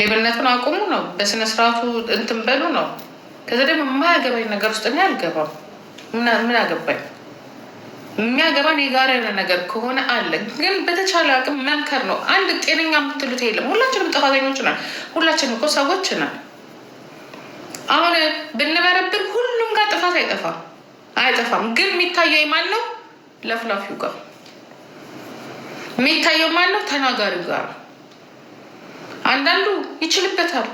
ሌብነቱን አቁሙ ነው፣ በስነ ስርዓቱ እንትን በሉ ነው። ከዚ ደግሞ የማያገባኝ ነገር ውስጥ እኔ አልገባም። ምን አገባኝ? የሚያገባን የጋራ የሆነ ነገር ከሆነ አለ። ግን በተቻለ አቅም መምከር ነው። አንድ ጤነኛ የምትሉት የለም። ሁላችንም ጥፋተኞች ነን። ሁላችንም እኮ ሰዎች ነን። አሁን ብንበረብር ሁሉም ጋር ጥፋት አይጠፋም አይጠፋም። ግን የሚታየው ማን ነው? ለፍላፊው ጋር የሚታየው ማን ነው? ተናጋሪው ጋር ነው አንዳንዱ ይችልበታል።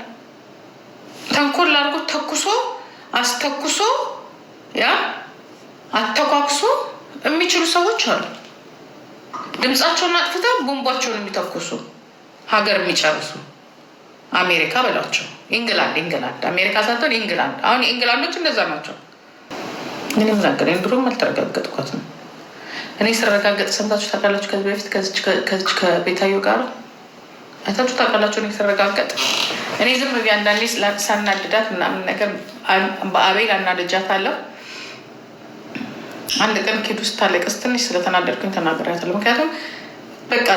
ተንኮል አድርጎ ተኩሶ አስተኩሶ ያ አተኳኩሶ የሚችሉ ሰዎች አሉ። ድምፃቸውን አጥፍተው ቦንቧቸውን የሚተኩሱ ሀገር የሚጨርሱ አሜሪካ በላቸው። ኢንግላንድ ኢንግላንድ አሜሪካ ሳትሆን ኢንግላንድ። አሁን የኢንግላንዶች እንደዛ ናቸው። ግን የምናገር ድሮም አልተረጋገጥኳት ነው እኔ ስረጋገጥ ሰምታችሁ ታውቃላችሁ። ከዚህ በፊት ከዚች ከቤታዮ ጋር አይታችሁ ታውቃላችሁ። የተረጋገጠ እኔ ዝም ብዬ አንዳንዴ ሳናድዳት ምናምን ነገር በአቤል አለው አንድ ቀን ኪዱ ስታለቅስ ትንሽ ስለተናደድኩኝ ተናግሬያታለሁ። ምክንያቱም በቃ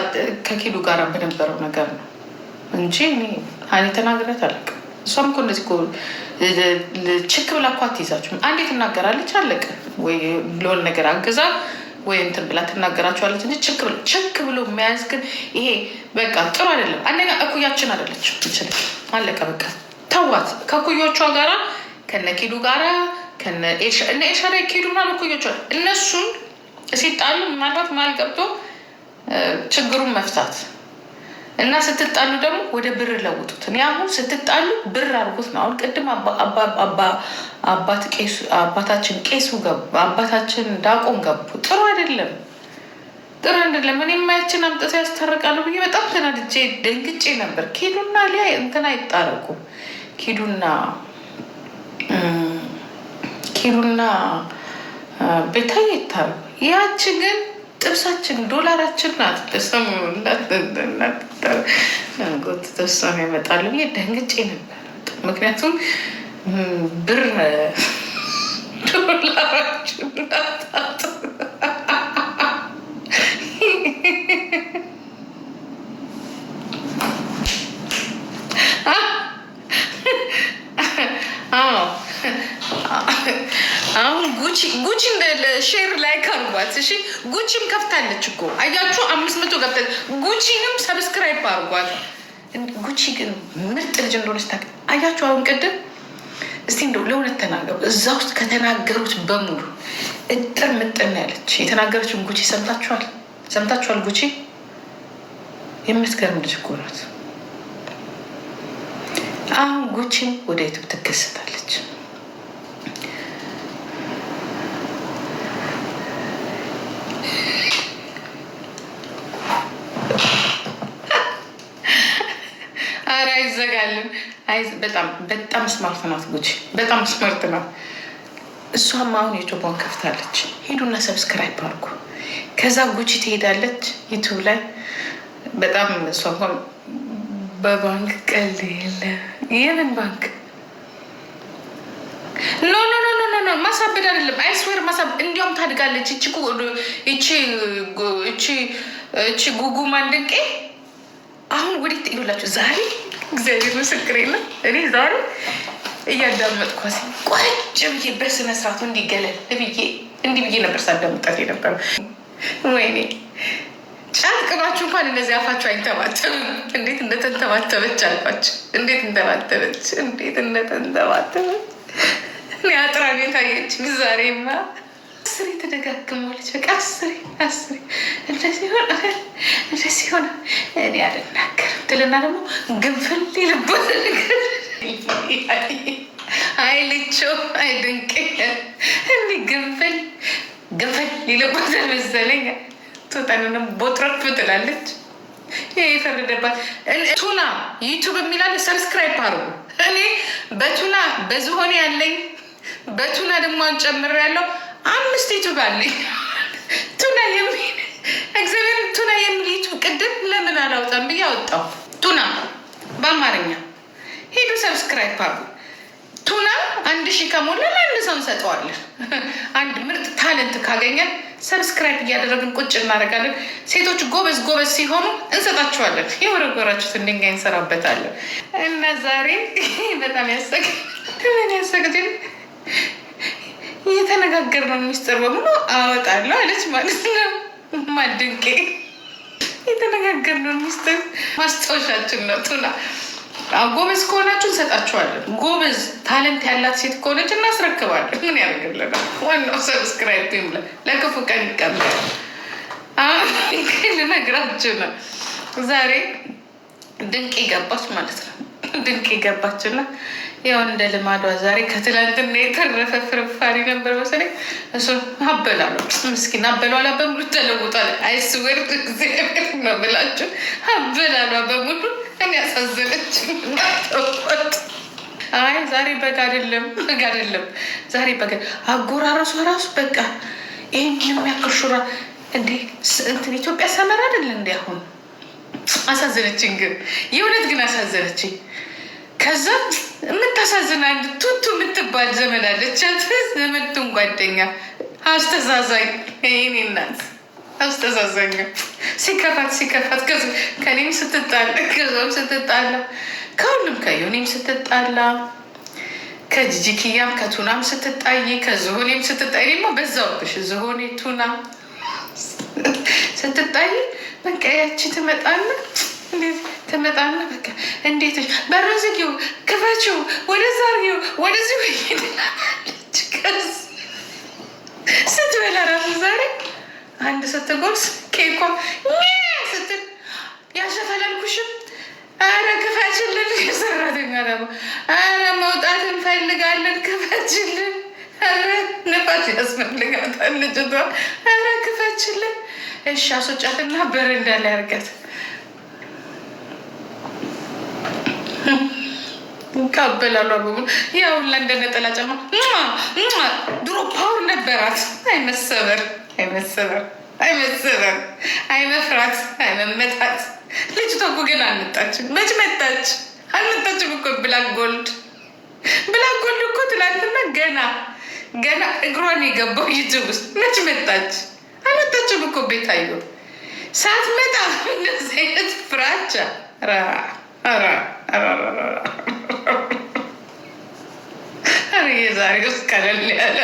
ከኪዱ ጋር በነበረው ነገር ነው እንጂ እኔ አለቅ እሷም እኮ እንደዚህ ችክ ብላ እኮ አትይዛችሁም። አንዴ ትናገራለች፣ አለቀ ወይ ለሆን ነገር አግዛ ወይ እንትን ብላ ትናገራቸዋለች እንጂ ችክ ብሎ የሚያያዝ ግን ይሄ በቃ ጥሩ አይደለም። አንደኛ እኩያችን አይደለች ችል አለቀ በቃ ተዋት። ከኩዮቿ ጋራ ከነ ኪዱ ጋራ እነ ኤልሻዳይ ኪዱ ና እኩዮቿ እነሱን ሲጣሉ ምናልባት መሀል ገብቶ ችግሩን መፍታት እና ስትጣሉ ደግሞ ወደ ብር ለውጡት። እኔ አሁን ስትጣሉ ብር አድርጉት ነው። አሁን ቅድም አባታችን ቄሱ አባታችን ዳቆም ገቡ። ጥሩ አይደለም ጥሩ አይደለም። እኔ የማያችን አምጥተው ያስታርቃሉ ብዬ በጣም ተናድጄ ደንግጬ ነበር። ኪዱና ሊያ እንትን አይጣረቁም። ኪዱና ኪዱና ቤታ ይታረቁ። ያች ግን ጥብሳችን ዶላራችን ናት። ለሰሞኑን ጎትተው እሷን ያመጣሉ ብዬ ደንግጬ ነበር። ምክንያቱም ብር ዶላራችን ናት። ጉቺ ሼር ላይ ካርጓት እሺ ጉቺም ከፍታለች እኮ አያችሁ፣ አምስት መቶ ከፍታለች። ጉቺንም ሰብስክራይብ አርጓት። ጉቺ ግን ምርጥ ልጅ እንደሆነች ታ አያችሁ። አሁን ቅድም እስቲ እንደው ለሁለት ተናገሩ። እዛ ውስጥ ከተናገሩት በሙሉ እጥር ምጥን ያለች የተናገረችን ጉቺ ሰምታችኋል፣ ሰምታችኋል። ጉቺ የምትገርም ልጅ እኮ ናት። አሁን ጉቺ ወደ ዩቱብ ትከሰታለች። በጣም በጣም ስማርት ናት ጉቺ፣ በጣም ስማርት ናት። እሷም አሁን የጆቧን ከፍታለች። ሄዱና ሰብስክራይብ አድርጉ። ከዛ ጉቺ ትሄዳለች ዩቱብ ላይ በጣም እሷ እንኳን በባንክ ቀል የለ የምን ባንክ ኖ ኖ ኖ ኖ ኖ ማሳበድ አይደለም፣ አይስዌር ማሳበድ። እንዲያውም ታድጋለች። እቺ እቺ እቺ እቺ ጉጉ ማንደቄ አሁን ወዴት ይሉላችሁ ዛሬ እግዚአብሔር ምስክር የለም። እኔ ዛሬ ሲ ቆጭ ብዬ በስነ ስርዓቱ እንዲገለል ብዬ እንዲህ ብዬ ነበር ሳዳምጣት የነበረ። ወይኔ ጫት እንኳን እነዚህ አፋችሁ አይንተባተብም። እንዴት እንደተንተባተበች አልኳቸው። እንዴት እንደተንተባተበች እንዴት እንደተንተባተበች እኔ አጥራኔ ታየችኝ ዛሬማ አስሬ ተደጋግመዋለች። በቃ አስሬ አስሬ እንደዚህ ይሆናል እንደዚህ ሆነ እኔ አልናገርም ትልና ደግሞ ግንፍል ይልቦት ነገር አይ ልቾ አይ ድንቅ እኔ ግንፍል ግንፍል ይልቦታል መሰለኝ። ቶጣንንም ቦትረፍ ትላለች። ይሄ የፈረደባት ቱና ዩቱብ የሚላል ሰብስክራይብ አድርጉ። እኔ በቱና በዝሆን ያለኝ በቱና ደግሞ አንጨምር ያለው አምስት ዩቱብ አለኝ። ቱና የሚል እግዚአብሔር ቱና የሚል ዩቱብ ቅድም ለምን አላውጣም ብዬ አወጣው። ቱና በአማርኛ ሄዱ ሰብስክራይብ አሉ። ቱና አንድ ሺህ ከሞላ ለአንድ ሰው እንሰጠዋለን። አንድ ምርጥ ታለንት ካገኘን ሰብስክራይብ እያደረግን ቁጭ እናደርጋለን። ሴቶች ጎበዝ ጎበዝ ሲሆኑ እንሰጣቸዋለን። የወረወራችሁትን ድንጋይ እንሰራበታለን እና ዛሬ በጣም ያሰግ ምን የተነጋገርነው ሚስጥር በሙሉ አወጣለሁ አለች ማለት ነው። ማድንቄ የተነጋገርነው ሚስጥር ማስታወሻችን ነው። ቱና ጎበዝ ከሆናችሁ እንሰጣችኋለን። ጎበዝ ታለንት ያላት ሴት ከሆነች እናስረክባለን። ምን ያደርግልናል? ዋናው ሰብስክራይብ ይምለ ለክፉ ቀን ይቀምል። ልነግራችሁ ነው ዛሬ ድንቄ ገባች ማለት ነው። ድንቅ ይገባችና ያው እንደ ልማዷ ዛሬ ከትላንትና የተረፈ ፍርፋሪ ነበር መሰለኝ። እሱ አበላሉ ምስኪን አበሏላ በሙሉ ተለውጧል። አይስወር እግዚአብሔር ነው ብላችሁ አበላሏ በሙሉ እኔ ያሳዘነች ናተወት። አይ ዛሬ በግ አይደለም በግ አይደለም ዛሬ በግ አጎራረሱ ራሱ በቃ ይህን የሚያክል ሹራ እንዴ እንትን ኢትዮጵያ ሰመራ አይደል እንዲ አሁን አሳዘነችኝ። ግን የእውነት ግን አሳዘነችኝ። ከዛ የምታሳዝን አንድ ቱቱ የምትባል ዘመድ አለቻት። ዘመድቱን ጓደኛ አስተዛዛኝ ይኔ ናት። አስተዛዛኛ ሲከፋት ሲከፋት ከኔም ስትጣላ ከዛም ስትጣላ ከሁሉም ከዮኔም ስትጣላ ከጂጂኪያም ከቱናም ስትጣይ ከዝሆኔም ስትጣይ ደግሞ በዛውብሽ ዝሆኔ ቱና ስትጣይ በቃ ያቺ ትመጣና ትመጣና በቃ እንዴት በረዝጊው ክፈችው፣ ወደዛ ርጊው፣ ወደዚህ ሄድላለች። ከዚ ስትበላ ራሱ ዛሬ አንድ ስትጎርስ ኬኳ ስትል ያሸፈላልኩሽም አረ ክፈችልን፣ የሰራተኛ ደግሞ አረ መውጣት እንፈልጋለን ክፈችልን ንፋች ያስፈልጋታል ልጅቷ። ኧረ ክፈችልን። እሺ አስወጫትና በረንዳ ላይ አድርጋት። ካበላሉ ያው ለእንደነጠላ ጫማ ድሮ ፓወር ነበራት። አይመሰበር አይመሰበር አይመሰበር አይመፍራት አይመመታት ልጅቷ እኮ ገና አልመጣችም። መች መጣች? አልመጣችም እኮ ብላክ ጎልድ ብላክ ጎልድ እኮ ትላንትና ገና ገና እግሯን የገባው ዩቱብ ውስጥ መች መጣች? አመጣችም እኮ ቤታዮ ሳትመጣ እንደዚህ አይነት ፍራቻ የዛሬ ውስጥ ቀለል ያለ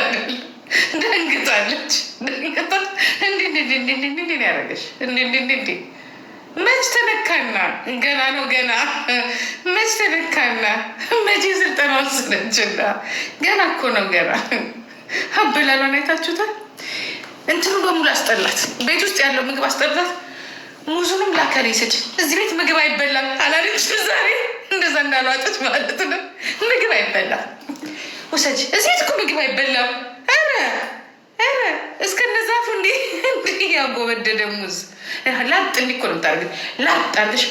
ደንግጣለች። ደንግጣ እንዲ እንዲህ እንዲ መች ተነካና ገና ነው ገና መች ተነካና መቼ ስልጠና ወሰደችና ገና እኮ ነው ገና አበላሏን አይታችሁታል እንትኑ በሙሉ አስጠላት ቤት ውስጥ ያለው ምግብ አስጠላት ሙዙንም ስጭ። እዚህ ቤት ምግብ አይበላም አላለች ዛሬ እንደዛ እንዳሏጠች ማለት ነው ምግብ አይበላም ውሰጅ እዚህ ቤት እኮ ምግብ አይበላም ኧረ ኧረ እስከነዛቱ እንዴ ያጎበደደ ሙዝ ላጥ እንዲኮ ነው የምታደርገው። ላጥ አለሽ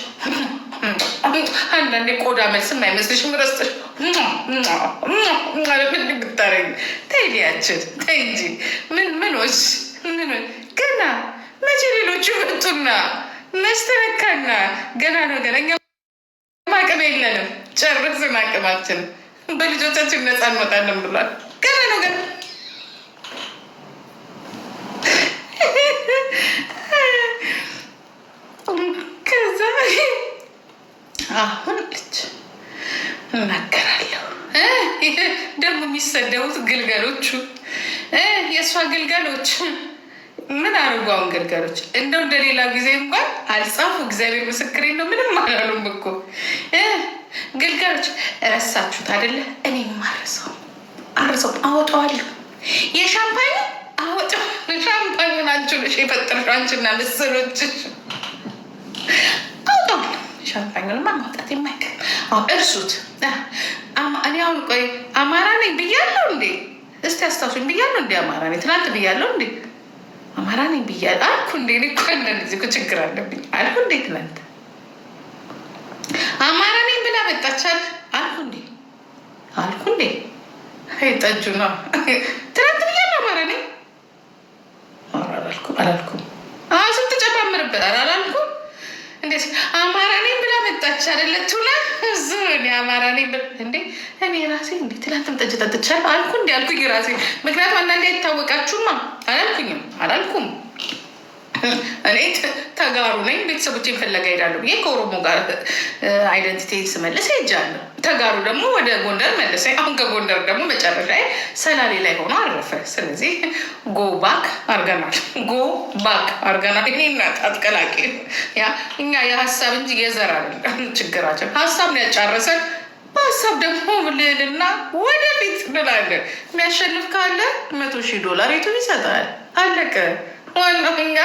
አንዳንዴ ቆዳ መልስም አይመስልሽም ረስጥሽ ብታረጊ ተይዲያችን ተይ እንጂ ምን ምኖች ምኖች ገና መቼ ሌሎቹ መጡና መስተነካና ገና ነው ገና እኛ አቅም የለንም ጨርስን አቅማችን በልጆቻችን ነፃ እንወጣለን ብሏል ገና ነው ገና ግልገሎቹ የእሷ ግልገሎች ምን አድርጎ አሁን ግልገሎች እንደው እንደሌላ ጊዜ እንኳን አልጻፉ። እግዚአብሔር ምስክሬ ነው። ምንም አላሉም እኮ ግልገሎች። ረሳችሁት አደለ? እኔም አረሰው አረሰው አወጣዋለሁ። የሻምፓኝ አወጣ ሻምፓኝ ናችሁ የፈጠርሽው አንቺና ምስሎችሽ ሻምፓኙንማ ማውጣት የማይቀር እርሱት። እኔ አሁን ቆይ አማራ ነኝ ብያለሁ እንዴ? እስቲ አስታውሱኝ ብያለሁ እንዴ? አማራ ነኝ ትናንት ብያለሁ እንዴ? አማራ ነኝ ብያለሁ አልኩ እንዴ? እኔ እኮ እንደዚህ እኮ ችግር አለብኝ አልኩ እንዴ? ትናንት አማራ ነኝ ብላ መጣቻል አልኩ እንዴ? አልኩ እንዴ? ጠጁ ነው ትናንት ብያለሁ አማራ ነኝ አላልኩም። አሁን ስም ተጨማምርበት እንዴት አማራ ነኝ ብላ መጣች አይደለ? ቱላ እሱ እኔ አማራ ነኝ ብል እንዴ እኔ ራሴ እንዴ ትላንትም ጠጅ ጠጥቻለሁ አልኩ እንዲ አልኩኝ ራሴ። ምክንያቱም አንዳንዴ አይታወቃችሁማ። አላልኩኝም አላልኩም እኔ ተጋሩ ነኝ ቤተሰቦቼን ፍለጋ ሄዳለሁ ብዬ ከኦሮሞ ጋር አይደንቲቲ ስመልስ ሄጃለሁ። ተጋሩ ደግሞ ወደ ጎንደር መለሰ። አሁን ከጎንደር ደግሞ መጨረሻ ሰላሌ ላይ ሆኖ አረፈ። ስለዚህ ጎ ባክ አርገናል፣ ጎ ባክ አርገናል። ይሄና አትቀላቂ ያ እኛ የሀሳብ እንጂ የዘር አይደለም ችግራችን። ሀሳብ ነው ያጫረሰን። በሀሳብ ደግሞ ብልልና ወደፊት ብላለን። የሚያሸንፍ ካለ መቶ ሺህ ዶላር የቱን ይሰጣል? አለቀ። ዋናው እኛ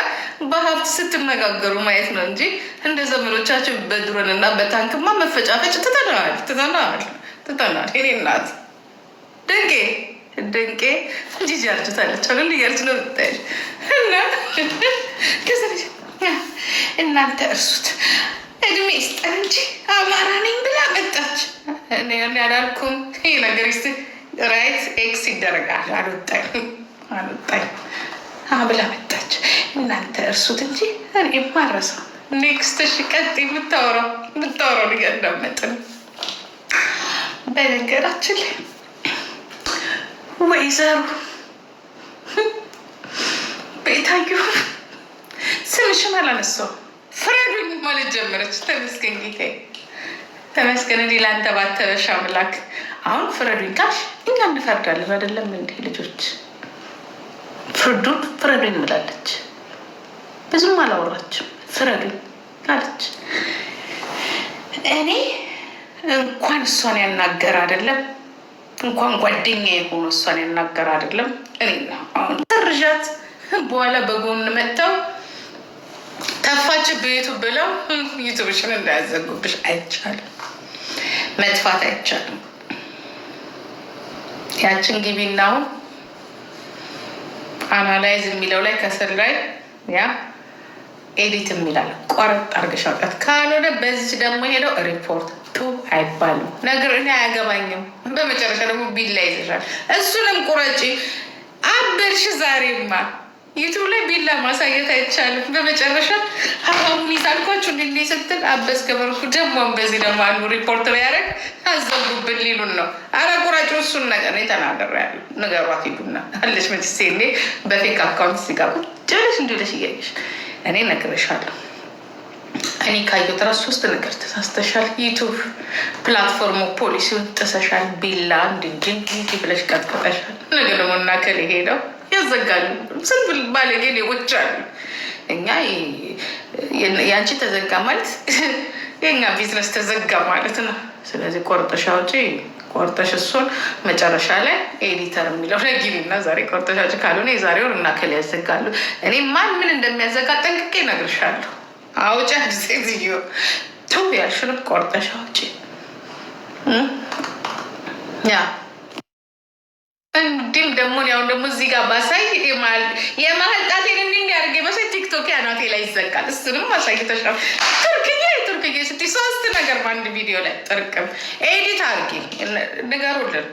በሀብት ስትነጋገሩ ማየት ነው እንጂ እንደ ዘመኖቻችን በድሮን እና በታንክማ መፈጫፈጭ ትተናል፣ ትተናል፣ ትተናል። የኔ እናት ደንቄ ደንቄ ጂጂ አርጅታለች አለ እያለች ነው ምታይል እና ከዚ እናንተ እርሱት እድሜ ይስጠን እንጂ አማራ ነኝ ብላ መጣች። እኔ አላልኩም። ይህ ነገር ስ ራይት ኤክስ ይደረጋል። አልወጣኝ አልወጣኝ አብላ መጣች። እናንተ እርሱት እንጂ እኔ ማረሰው ኔክስት ሺ ቀጥ የምታወራው የምታወራው ነገር እንዳመጥ በነገራችን ላይ ወይዘሮ ቤታዩ ስምሽን አላነሳውም ፍረዱኝ ማለት ጀመረች። ተመስገን ጌታዬ ተመስገን። እንዲህ ለአንተ ባተበሻ አምላክ። አሁን ፍረዱኝ ካልሽ እኛ እንፈርዳለን አይደለም እንዲህ ልጆች ፍርዱን ፍረዱኝ ብላለች። ብዙም አላወራችም። ፍረዱኝ አለች። እኔ እንኳን እሷን ያናገር አይደለም እንኳን ጓደኛ የሆነ እሷን ያናገር አይደለም እኔ አሁን በኋላ በጎን መጥተው ተፋች በየቱ ብለው ዩቱብሽን እንዳያዘጉብሽ አይቻልም፣ መጥፋት አይቻልም። ያችን ግቢና አሁን አናላይዝ የሚለው ላይ ከስር ላይ ያ ኤዲት የሚላል ቆረጥ አርገሽ አውጣት። ካልሆነ በዚች ደግሞ ሄደው ሪፖርት ቱ አይባልም ነገር እኔ አያገባኝም። በመጨረሻ ደግሞ ቢላ ይዘሻል። እሱንም ቁረጪ አበልሽ ዛሬማ ዩቱብ ላይ ቢላ ማሳየት አይቻልም። በመጨረሻ ሀራሙን ይዛልኳችሁ እንዴ ስትል አበስ ገበርኩ ደሞን በዚህ ደግሞ አንዱ ሪፖርት ያደረግ አዘጉብን ሊሉን ነው። አረ ቁራጭ እሱን ነገር ነው የተናገረ ያለ ነገሯት ሂዱና አለች መችሴ እንዴ በፌክ አካውንት ሲጋ ቁጭለሽ እንዲለሽ እያየሽ እኔ ነግረሻለሁ። እኔ ካየሁት እራሱ ሶስት ነገር ተሳስተሻል። ዩቱብ ፕላትፎርሙ ፖሊሲውን ጥሰሻል። ቢላ እንዲንጅን ዩቱብ ብለሽ ቀጥቀጠሻል። ነገ ደግሞ እናከል ይሄ ነው ያዘጋሉ። ስንት ባለጌ ሌቦች አሉ። እኛ የአንቺ ተዘጋ ማለት የእኛ ቢዝነስ ተዘጋ ማለት ነው። ስለዚህ ቆርጠሻ ውጪ ቆርጠሽ እሱን መጨረሻ ላይ ኤዲተር የሚለው ነጊን ዛሬ ቆርጠሻ ውጪ ካልሆነ የዛሬውን እና ከል ያዘጋሉ። እኔ ማን ምን እንደሚያዘጋ ጠንቅቄ እነግርሻለሁ። አውጪ ዝዮ ቱ ያልሽንም ቆርጠሻ ውጪ ያ እንዲም ደግሞ ያሁን ደግሞ እዚህ ጋር ባሳይ የመሀል ጣቴን እንዲ እንዲያደርግ መሳይ ቲክቶክ አናቴ ላይ ይዘጋል። እሱንም ማሳይተሽ ነው ቱርክዬ ቱርክዬ ስትይ ሶስት ነገር በአንድ ቪዲዮ ላይ ጥርቅም ኤዲት አድርጊ ንገሩልን።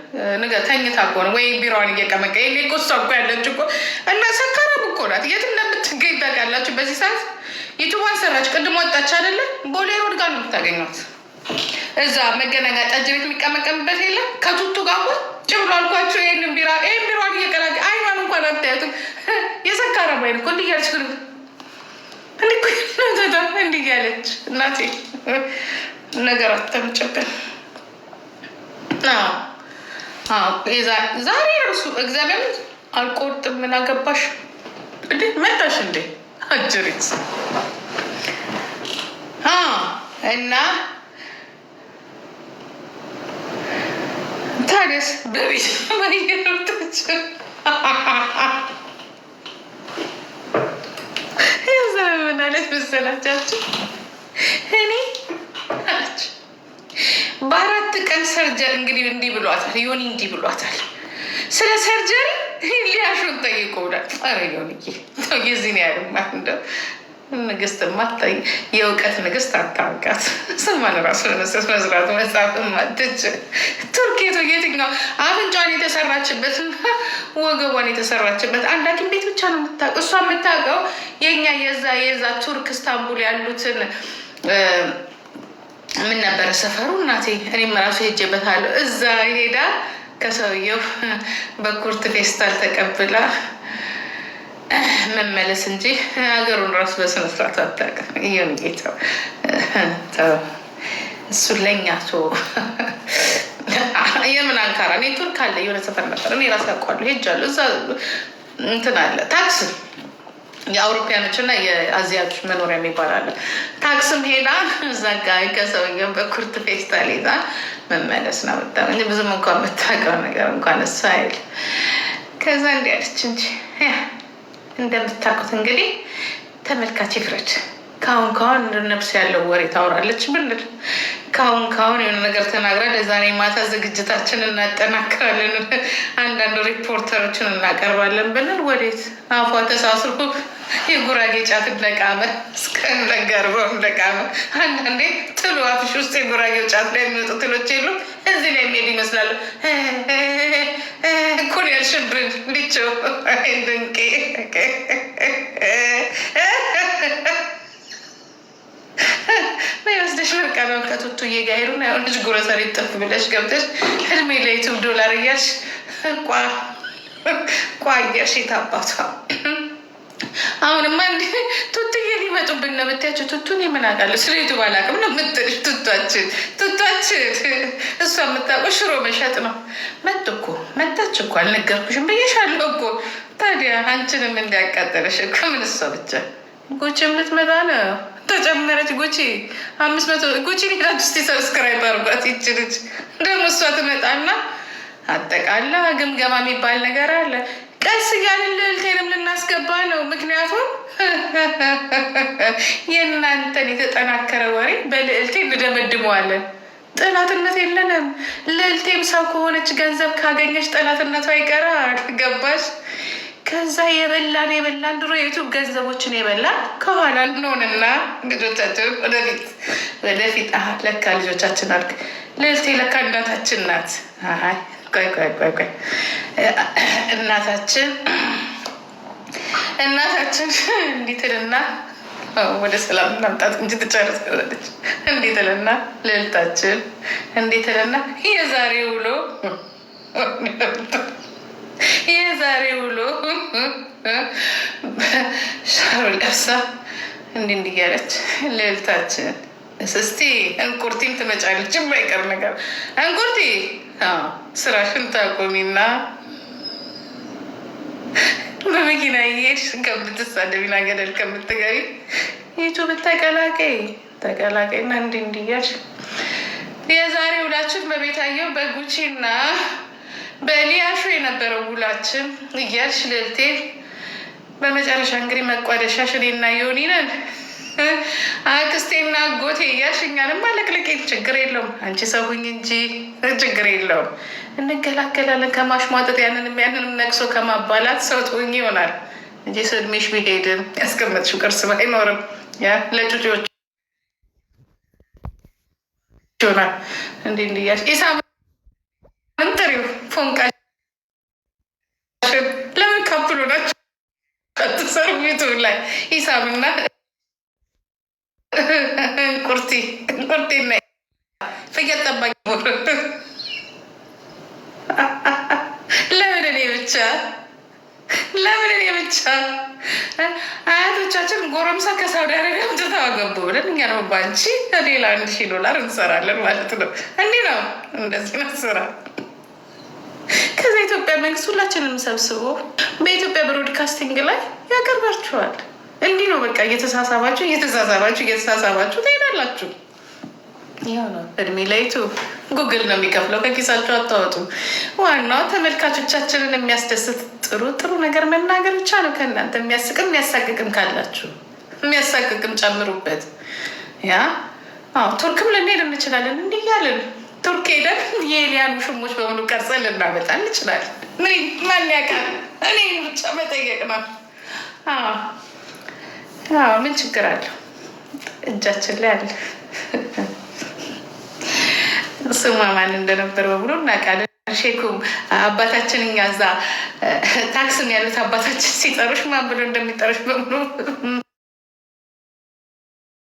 ተኝታ እኮ ነው ወይ ቢሮዋን እየቀመቀ ይሄ እኮ እሷ እኮ ያለች እኮ እና ሰካራም እኮ ናት። የት እንደምትገኝ ታውቃላችሁ? በዚህ ሰዓት ዩቱቧን ሰራች፣ ቅድም ወጣች አይደለ? ቦሌ ሮድ ጋር ነው የምታገኟት። እዛ መገናኛ ጠጅ ቤት የሚቀመቀምበት የለም ከቱቱ ጋር ቁጭ አልኳቸው ስታዩት የሰካራም አይን እኮ እንዲህ እያለች እንዲህ እያለች እናቴ ነገር አታምጨብን። ዛሬ እርሱ እግዚአብሔር አልቆርጥም። ምን አገባሽ እንዴ መጣሽ እንዴ አጅሪት እና ታዲያስ በቤት ማየሮቶች መሰላቻችሁ እኔ በአራት ቀን ሰርጀሪ እንግዲህ እንዲህ ብሏታል፣ ዮኒ እንዲህ ብሏታል። ስለ ሰርጀሪ ሊያሹን ጠይቆ ብላል። ኧረ ዮኒ የዚህ ነው ያልማ እንደው ንግስት ማታይ የእውቀት ንግስት አታውቃት። ስሟን ራሱ ለመስጠት መስራት መጽሐፍ ማትች ቱርኬቱ የትኛው አፍንጫን የተሰራችበት ወገቧን የተሰራችበት አንድ ሐኪም ቤት ብቻ ነው የምታውቀው። እሷ የምታውቀው የእኛ የዛ የዛ ቱርክ እስታንቡል ያሉትን ምን ነበረ ሰፈሩ እናቴ፣ እኔም ራሱ ሄጄበታለሁ። እዛ ሄዳ ከሰውየው በኩርት ፌስታል ተቀብላ መመለስ እንጂ ሀገሩን ራሱ በስነ ስርዓት አታውቅም። ይሁን ጌታ እሱ ለኛ የምን አንካራ እኔ ቱርክ አለ የሆነ ሰፈር ነበር እኔ ራሴ አውቀዋለሁ ሄጃለሁ። እዛ እንትን አለ ታክስ የአውሮፓያኖች እና የአዚያቶች መኖሪያ የሚባል አለ። ታክስም ሄዳ እዛ ጋ ከሰውዬው በኩርት ፌስታል ይዛ መመለስ ነው በጣም ብዙም እንኳን የምታውቀው ነገር እንኳን እሱ አይል ከዛ እንዲያለች እንጂ እንደምታውቁት እንግዲህ ተመልካች ይፍረድ። ካሁን ካሁን ነብስ ያለው ወሬ ታወራለች ብንል ካሁን ካሁን የሆነ ነገር ተናግራ ለዛሬ ማታ ዝግጅታችን እናጠናክራለን፣ አንዳንድ ሪፖርተሮችን እናቀርባለን ብንል ወዴት አፏ ተሳስሮ የጉራጌ ጫት እንደቃመ እስከን ለጋርበም እንደቃመ አንዳንዴ ትሉ አፍሽ ውስጥ የጉራጌው ጫት ላይ የሚወጡ ትሎች የሉ እዚህ ላይ የሚሄድ ይመስላሉ። ኩን ያልሽብን ልቾ ድንቄ ወስደሽ በቃ ነው ከቱቱ እየጋሄዱ ሁን ልጅ ጉረሰር ይጠፍ ብለሽ ገብተሽ እድሜ ለዩቱብ ዶላር እያልሽ ቋ ቋ እያልሽ የታባቷ አሁንማ ቱቱዬ ሊመጡብን ነው ብትያቸው፣ ቱቱን የምናቃለ ስለ ዩቱብ አላውቅም ነው ምትል ቱቷችን ቱቷችን እሷ የምታውቀው ሽሮ መሸጥ ነው። መጡ እኮ መጣች እኮ አልነገርኩሽም ብዬሻለሁ እኮ። ታዲያ አንቺንም እንዲያቃጠለሽ እኮ ምን እሷ ብቻ ጉቺ የምትመጣ ነው ተጨመረች። ጉቺ አምስት መቶ ጉቺ ሌላች ስቲ ሰብስክራይብ አርጓት። ይችልች ልጅ ደግሞ እሷ ትመጣና አጠቃላ ግምገማ የሚባል ነገር አለ። ቀስ እያልን ልልቴ ምክንያቱም የእናንተን የተጠናከረ ወሬ በልዕልቴ እንደመድመዋለን። ጠላትነት የለንም። ልዕልቴም ሰው ከሆነች ገንዘብ ካገኘች ጠላትነቷ አይቀራል። ገባሽ? ከዛ የበላን የበላን ድሮ የዩቱብ ገንዘቦችን የበላን ከኋላ እንሆንና ልጆቻችንን ወደፊት ወደፊት ለካ ልጆቻችን አልክ ልዕልቴ ለካ እናታችን ናት። ቆይ ቆይ ቆይ ቆይ እናታችን እናታችን እንዲትልና ወደ ሰላም እናምጣት እንጂ ትጨርስ ከዛለች። እንዲትልና ልዕልታችን እንዲትልና የዛሬ ውሎ የዛሬ ውሎ ሻሩ ለብሳ እንዲ እንዲህ እያለች ልዕልታችን እስቲ እንቁርቲም ትመጫለች። የማይቀር ነገር እንቁርቲ ስራሽን ታቆሚና በመኪና እየሄድሽ ከምትሳደቢ ገደል ከምትገቢ ዩቱብ ተቀላቀይ ተቀላቀይ ና እንዲ እንዲህ የዛሬ ውላችን በቤታየው በጉቺ ና በሊያሹ የነበረው ውላችን እያልሽ ልዕልቴ በመጨረሻ እንግዲህ መቋደሻሽ እኔና ዮኒ ነን። አክስቴና ጎቴ ያሽኛልማ ለቅልቄት ችግር የለውም። አንቺ ሰው ሁኝ እንጂ ችግር የለውም። እንገላገላለን ከማሽሟጠጥ ያንንም ያንንም ነቅሶ ከማባላት ሰው ትሁኝ ይሆናል እንጂ እድሜሽ ቢሄድም ያስቀመጥሽው ቅርስ ባይኖርም ለጩጮች ይሆናል። እንዲ እንዲያሽ ኢሳ ምንጥሪው ፎንቃ ለምን ካፕሎ ናቸው ሰሩ ላይ ኢሳምና እንቁርቲ እንቁርቲ ና ፍየል ጠባቂ ለምን እኔ ብቻ ለምን እኔ ብቻ? አያቶቻችን ጎረምሳ ከሳውዲ አረቢያ ምጥታ አገቡ ብለን እኛ ደግሞ ባንቺ ሌላ አንድ ሺህ ዶላር እንሰራለን ማለት ነው። እንዲህ ነው እንደዚህ ነው ስራ። ከዛ ኢትዮጵያ መንግስት ሁላችንም ሰብስቦ በኢትዮጵያ ብሮድካስቲንግ ላይ ያቀርባችኋል። እንዲህ ነው በቃ እየተሳሳባችሁ እየተሳሳባችሁ እየተሳሳባችሁ ትሄዳላችሁ። ነው እድሜ ላይቱ ጉግል ነው የሚከፍለው፣ ከኪሳችሁ አታወጡ ዋናው ተመልካቾቻችንን የሚያስደስት ጥሩ ጥሩ ነገር መናገር ብቻ ነው። ከእናንተ የሚያስቅም የሚያሳቅቅም ካላችሁ የሚያሳቅቅም ጨምሩበት። ያ አዎ ቱርክም ልንሄድ እንችላለን። እንዲህ እያልን ቱርክ ሄደን የሊያን ውሽሞች በሙሉ ቀርጸን ልናመጣ እንችላለን። ምን ማን ያውቃል? እኔ ብቻ መጠየቅ ነው። ምን ችግር አለው? እጃችን ላይ አለ። ስሟ ማን እንደነበር በብሎ እናውቃለን። ሼኩም አባታችን እኛ እዛ ታክስም ያሉት አባታችን ሲጠሩሽ ማን ብሎ እንደሚጠሩሽ በብሎ